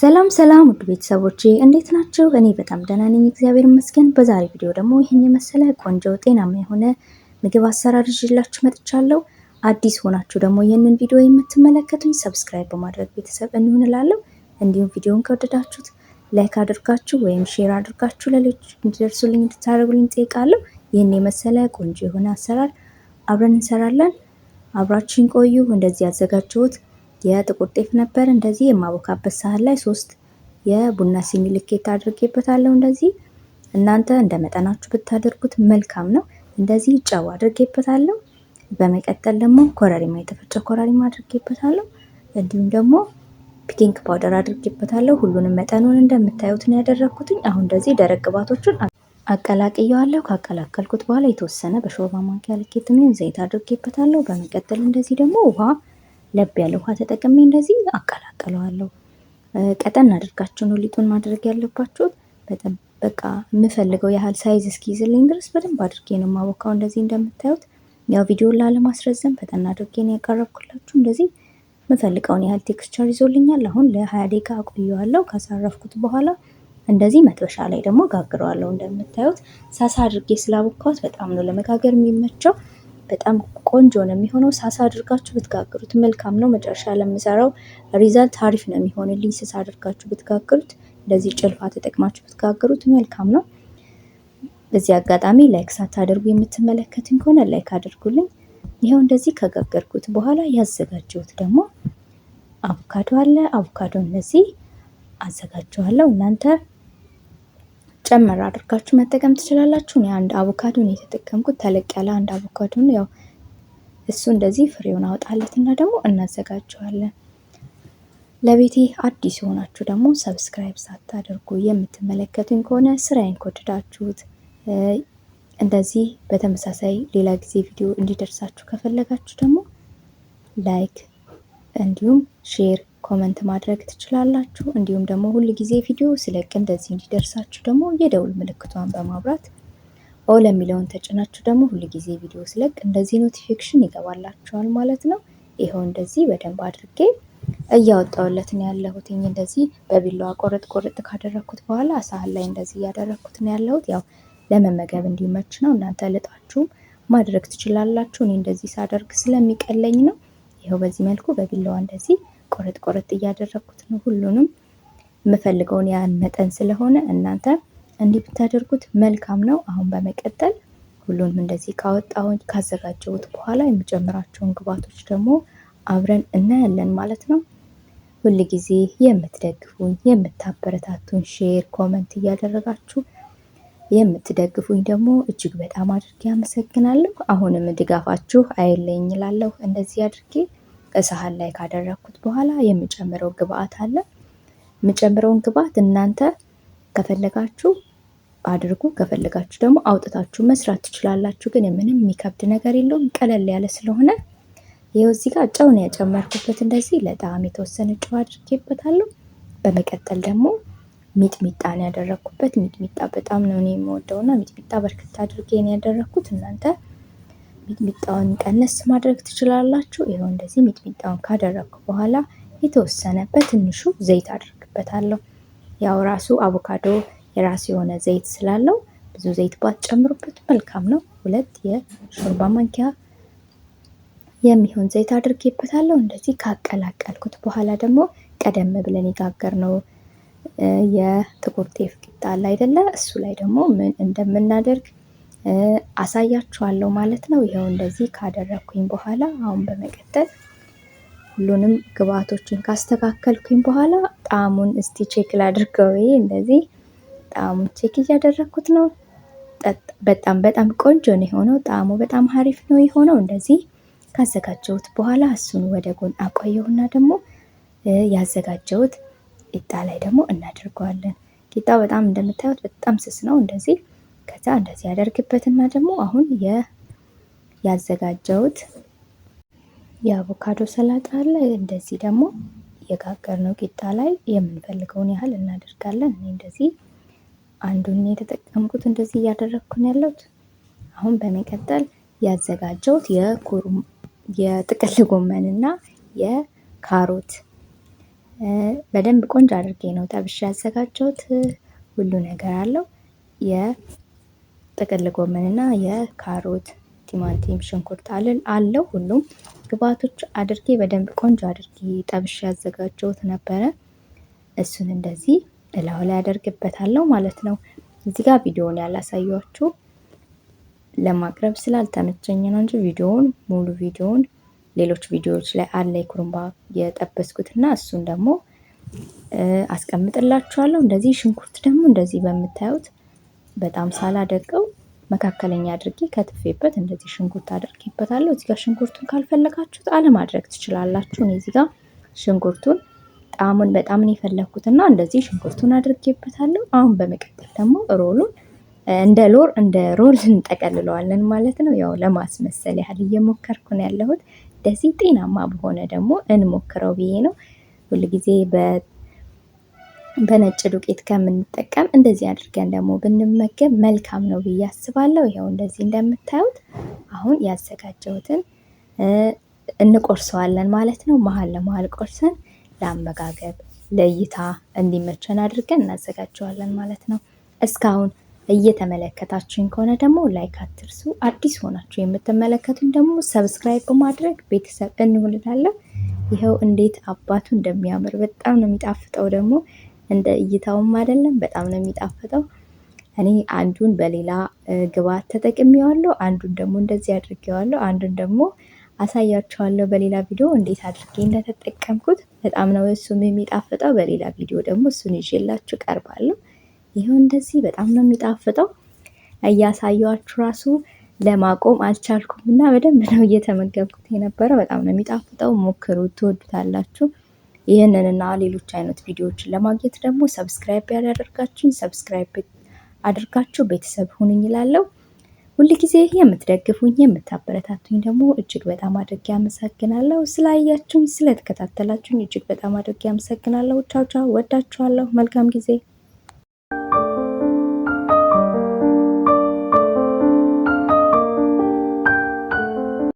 ሰላም ሰላም ውድ ቤተሰቦቼ እንዴት ናቸው? እኔ በጣም ደህና ነኝ፣ እግዚአብሔር ይመስገን። በዛሬ ቪዲዮ ደግሞ ይህን የመሰለ ቆንጆ ጤናማ የሆነ ምግብ አሰራር ይዤላችሁ መጥቻለሁ። አዲስ ሆናችሁ ደግሞ ይህንን ቪዲዮ የምትመለከቱኝ ሰብስክራይብ በማድረግ ቤተሰብ እንሆንላለሁ። እንዲሁም ቪዲዮን ከወደዳችሁት ላይክ አድርጋችሁ ወይም ሼር አድርጋችሁ ለሌሎች እንዲደርሱልኝ እንድታደርጉልኝ ጠይቃለሁ። ይህን የመሰለ ቆንጆ የሆነ አሰራር አብረን እንሰራለን። አብራችን ቆዩ። እንደዚህ ያዘጋጀሁት የጥቁር ጤፍ ነበር። እንደዚህ የማቦካበት ሳህን ላይ ሶስት የቡና ሲኒ ልኬት አድርጌበታለሁ። እንደዚህ እናንተ እንደ መጠናችሁ ብታደርጉት መልካም ነው። እንደዚህ ጨው አድርጌበታለሁ። በመቀጠል ደግሞ ኮረሪማ፣ የተፈጨ ኮረሪማ አድርጌበታለሁ። እንዲሁም ደግሞ ፒኪንግ ፓውደር አድርጌበታለሁ። ሁሉንም መጠኑን እንደምታዩት ነው ያደረግኩትኝ። አሁን እንደዚህ ደረቅ ግብአቶቹን አቀላቅየዋለሁ። ካቀላቀልኩት በኋላ የተወሰነ በሾርባ ማንኪያ ልኬት ዘይት አድርጌበታለሁ። በመቀጠል እንደዚህ ደግሞ ውሃ ለብ ያለ ውሃ ተጠቅሜ እንደዚህ አቀላቀለዋለሁ። ቀጠን አድርጋችሁ ነው ሊጡን ማድረግ ያለባችሁት። በጣም በቃ የምፈልገው ያህል ሳይዝ እስኪይዝልኝ ድረስ በደንብ አድርጌ ነው ማቦካው። እንደዚህ እንደምታዩት ያው ቪዲዮን ላለማስረዘም ፈጠን አድርጌ ነው ያቀረብኩላችሁ። እንደዚህ የምፈልገውን ያህል ቴክስቸር ይዞልኛል። አሁን ለሀያ ደቂቃ አቆየዋለሁ። ካሳረፍኩት በኋላ እንደዚህ መጥበሻ ላይ ደግሞ ጋግረዋለሁ። እንደምታዩት ሳሳ አድርጌ ስላቦካሁት በጣም ነው ለመጋገር የሚመቸው። በጣም ቆንጆ ነው የሚሆነው። ሳሳ አድርጋችሁ ብትጋግሩት መልካም ነው። መጨረሻ ለምሰራው ሪዛልት አሪፍ ነው የሚሆንልኝ። ስሳ አድርጋችሁ ብትጋግሩት፣ እንደዚህ ጭልፋ ተጠቅማችሁ ብትጋግሩት መልካም ነው። በዚህ አጋጣሚ ላይክ ሳታደርጉ የምትመለከትኝ ከሆነ ላይክ አድርጉልኝ። ይኸው እንደዚህ ከጋገርኩት በኋላ ያዘጋጀሁት ደግሞ አቮካዶ አለ። አቮካዶ እነዚህ አዘጋጀዋለሁ እናንተ ጨመር አድርጋችሁ መጠቀም ትችላላችሁ። እኔ አንድ አቮካዶን የተጠቀምኩት ተለቅ ያለ አንድ አቮካዶን ያው እሱ እንደዚህ ፍሬውን እና ደግሞ እናዘጋጀዋለን። ለቤቴ አዲስ የሆናችሁ ደግሞ ሰብስክራይብ ሳታደርጉ የምትመለከቱኝ ከሆነ ስራዬን ከወደዳችሁት እንደዚህ በተመሳሳይ ሌላ ጊዜ ቪዲዮ እንዲደርሳችሁ ከፈለጋችሁ ደግሞ ላይክ እንዲሁም ሼር ኮመንት ማድረግ ትችላላችሁ። እንዲሁም ደግሞ ሁል ጊዜ ቪዲዮ ስለቅ እንደዚህ እንዲደርሳችሁ ደግሞ የደውል ምልክቷን በማብራት ኦል የሚለውን ተጭናችሁ ደግሞ ሁል ጊዜ ቪዲዮ ስለቅ እንደዚህ ኖቲፊኬሽን ይገባላችኋል ማለት ነው። ይኸው እንደዚህ በደንብ አድርጌ እያወጣውለት ነው ያለሁት። እንደዚህ በቢላዋ ቆረጥ ቆረጥ ካደረግኩት በኋላ ሳህን ላይ እንደዚህ እያደረግኩት ነው ያለሁት። ያው ለመመገብ እንዲመች ነው። እናንተ ልጣችሁም ማድረግ ትችላላችሁ። እኔ እንደዚህ ሳደርግ ስለሚቀለኝ ነው። ይኸው በዚህ መልኩ በቢላዋ እንደዚህ ቆረጥ ቆረጥ እያደረግኩት ነው። ሁሉንም የምፈልገውን ያን መጠን ስለሆነ እናንተ እንዲህ ብታደርጉት መልካም ነው። አሁን በመቀጠል ሁሉንም እንደዚህ ካወጣሁን ካዘጋጀሁት በኋላ የምጨምራቸውን ግብዓቶች ደግሞ አብረን እናያለን ማለት ነው። ሁል ጊዜ የምትደግፉኝ የምታበረታቱኝ፣ ሼር ኮመንት እያደረጋችሁ የምትደግፉኝ ደግሞ እጅግ በጣም አድርጌ አመሰግናለሁ። አሁንም ድጋፋችሁ አይለኝ እላለሁ። እንደዚህ አድርጌ ሳህን ላይ ካደረኩት በኋላ የምጨምረው ግብአት አለ። የምጨምረውን ግብአት እናንተ ከፈለጋችሁ አድርጉ ከፈለጋችሁ ደግሞ አውጥታችሁ መስራት ትችላላችሁ። ግን ምንም የሚከብድ ነገር የለውም ቀለል ያለ ስለሆነ ይኸው እዚህ ጋር ጨው ነው ያጨመርኩበት። እንደዚህ ለጣዕም የተወሰነ ጨው አድርጌበታለሁ። በመቀጠል ደግሞ ሚጥሚጣ ነው ያደረኩበት። ሚጥሚጣ በጣም ነው እኔ የምወደውና ሚጥሚጣ በርክት አድርጌ ነው እናንተ ሚጥሚጣውን ቀነስ ማድረግ ትችላላችሁ። ይኸው እንደዚህ ሚጥሚጣውን ካደረግኩ በኋላ የተወሰነ በትንሹ ዘይት አድርግበታለሁ። ያው ራሱ አቮካዶ የራሱ የሆነ ዘይት ስላለው ብዙ ዘይት ባትጨምሩበት መልካም ነው። ሁለት የሾርባ ማንኪያ የሚሆን ዘይት አድርጌበታለሁ። እንደዚህ ካቀላቀልኩት በኋላ ደግሞ ቀደም ብለን የጋገርነው የጥቁር ጤፍ ቂጣ አለ አይደለ? እሱ ላይ ደግሞ ምን እንደምናደርግ አሳያችኋለሁ ማለት ነው። ይኸው እንደዚህ ካደረግኩኝ በኋላ አሁን በመቀጠል ሁሉንም ግብአቶችን ካስተካከልኩኝ በኋላ ጣዕሙን እስቲ ቼክ ላድርገው። እንደዚህ ጣዕሙን ቼክ እያደረግኩት ነው። በጣም በጣም ቆንጆ ነው የሆነው። ጣዕሙ በጣም ሀሪፍ ነው የሆነው። እንደዚህ ካዘጋጀሁት በኋላ እሱን ወደ ጎን አቆየውና ደግሞ ያዘጋጀሁት ቂጣ ላይ ደግሞ እናደርገዋለን። ቂጣው በጣም እንደምታዩት በጣም ስስ ነው እንደዚህ ከዛ እንደዚህ ያደርግበትና ደግሞ አሁን ያዘጋጀውት የአቮካዶ ሰላጣ አለ። እንደዚህ ደግሞ የጋገርነው ቂጣ ላይ የምንፈልገውን ያህል እናደርጋለን። እኔ እንደዚህ አንዱን የተጠቀምኩት እንደዚህ እያደረግኩን ያለሁት። አሁን በመቀጠል ያዘጋጀውት የጥቅል ጎመንና የካሮት በደንብ ቆንጆ አድርጌ ነው ጠብሼ ያዘጋጀውት። ሁሉ ነገር አለው። ጥቅል ጎመንና የካሮት ቲማቲም፣ ሽንኩርት አለል አለው ሁሉም ግብአቶች አድርጌ በደንብ ቆንጆ አድርጌ ጠብሼ ያዘጋጀሁት ነበረ። እሱን እንደዚህ እላው ላይ ያደርግበታለሁ ማለት ነው። እዚህ ጋር ቪዲዮውን ያላሳያችሁ ለማቅረብ ስላልተመቸኝ ነው እንጂ ቪዲዮውን ሙሉ ቪዲዮውን ሌሎች ቪዲዮዎች ላይ አለ የኩርምባ የጠበስኩትና እሱን ደግሞ አስቀምጥላችኋለሁ። እንደዚህ ሽንኩርት ደግሞ እንደዚህ በምታዩት በጣም ሳላደቀው መካከለኛ አድርጌ ከትፌበት እንደዚህ ሽንኩርት አድርጌበታለሁ። እዚጋ ሽንኩርቱን ካልፈለጋችሁት አለማድረግ ትችላላችሁ። እኔ እዚጋ ሽንኩርቱን ጣዕሙን በጣም ነው የፈለግኩትና እንደዚህ ሽንኩርቱን አድርጌበታለሁ። አሁን በመቀጠል ደግሞ ሮሉን እንደ ሎር እንደ ሮል እንጠቀልለዋለን ማለት ነው። ያው ለማስመሰል ያህል እየሞከርኩ ነው ያለሁት። እንደዚህ ጤናማ በሆነ ደግሞ እንሞክረው ብዬ ነው ሁልጊዜ በነጭ ዱቄት ከምንጠቀም እንደዚህ አድርገን ደግሞ ብንመገብ መልካም ነው ብዬ አስባለሁ። ይኸው እንደዚህ እንደምታዩት አሁን ያዘጋጀሁትን እንቆርሰዋለን ማለት ነው። መሀል ለመሀል ቆርሰን ለአመጋገብ ለእይታ እንዲመቸን አድርገን እናዘጋጀዋለን ማለት ነው። እስካሁን እየተመለከታችሁኝ ከሆነ ደግሞ ላይክ አትርሱ። አዲስ ሆናችሁ የምትመለከቱኝ ደግሞ ሰብስክራይብ በማድረግ ቤተሰብ እንሆንላለን። ይኸው እንዴት አባቱ እንደሚያምር በጣም ነው የሚጣፍጠው ደግሞ እንደ እይታውም አይደለም። በጣም ነው የሚጣፍጠው። እኔ አንዱን በሌላ ግብዓት ተጠቅሜዋለሁ፣ አንዱን ደግሞ እንደዚህ አድርጌዋለሁ፣ አንዱን ደግሞ አሳያችኋለሁ በሌላ ቪዲዮ እንዴት አድርጌ እንደተጠቀምኩት። በጣም ነው እሱም የሚጣፍጠው። በሌላ ቪዲዮ ደግሞ እሱን ይዤላችሁ ቀርባለሁ። ይኸው እንደዚህ በጣም ነው የሚጣፍጠው። እያሳየኋችሁ ራሱ ለማቆም አልቻልኩም እና በደንብ ነው እየተመገብኩት የነበረው። በጣም ነው የሚጣፍጠው። ሞክሩ ትወዱታላችሁ። ይህንንና ሌሎች አይነት ቪዲዮዎችን ለማግኘት ደግሞ ሰብስክራይብ ያላደረጋችሁኝ ሰብስክራይብ አድርጋችሁ ቤተሰብ ሁኑኝ እላለሁ። ጊዜ የምትደግፉኝ የምታበረታቱኝ ደግሞ እጅግ በጣም አድርጌ አመሰግናለሁ። ስላያችሁኝ፣ ስለተከታተላችሁኝ እጅግ በጣም አድርጌ አመሰግናለሁ። ቻው ቻው። ወዳችኋለሁ። መልካም ጊዜ